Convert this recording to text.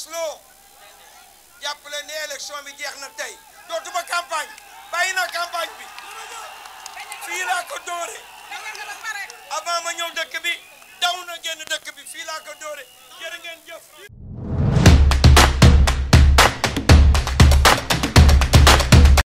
rusloo jàppale ne élection bi jeex na tey dootuma campagne bàyyi na campagne bi fii laa ko dóore avant ma ñëw dëkk bi daw na génn dëkk bi fii laa ko dóore